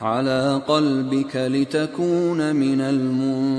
عَلَىٰ قَلْبِكَ لِتَكُونَ مِنَ الْمُنذِرِينَ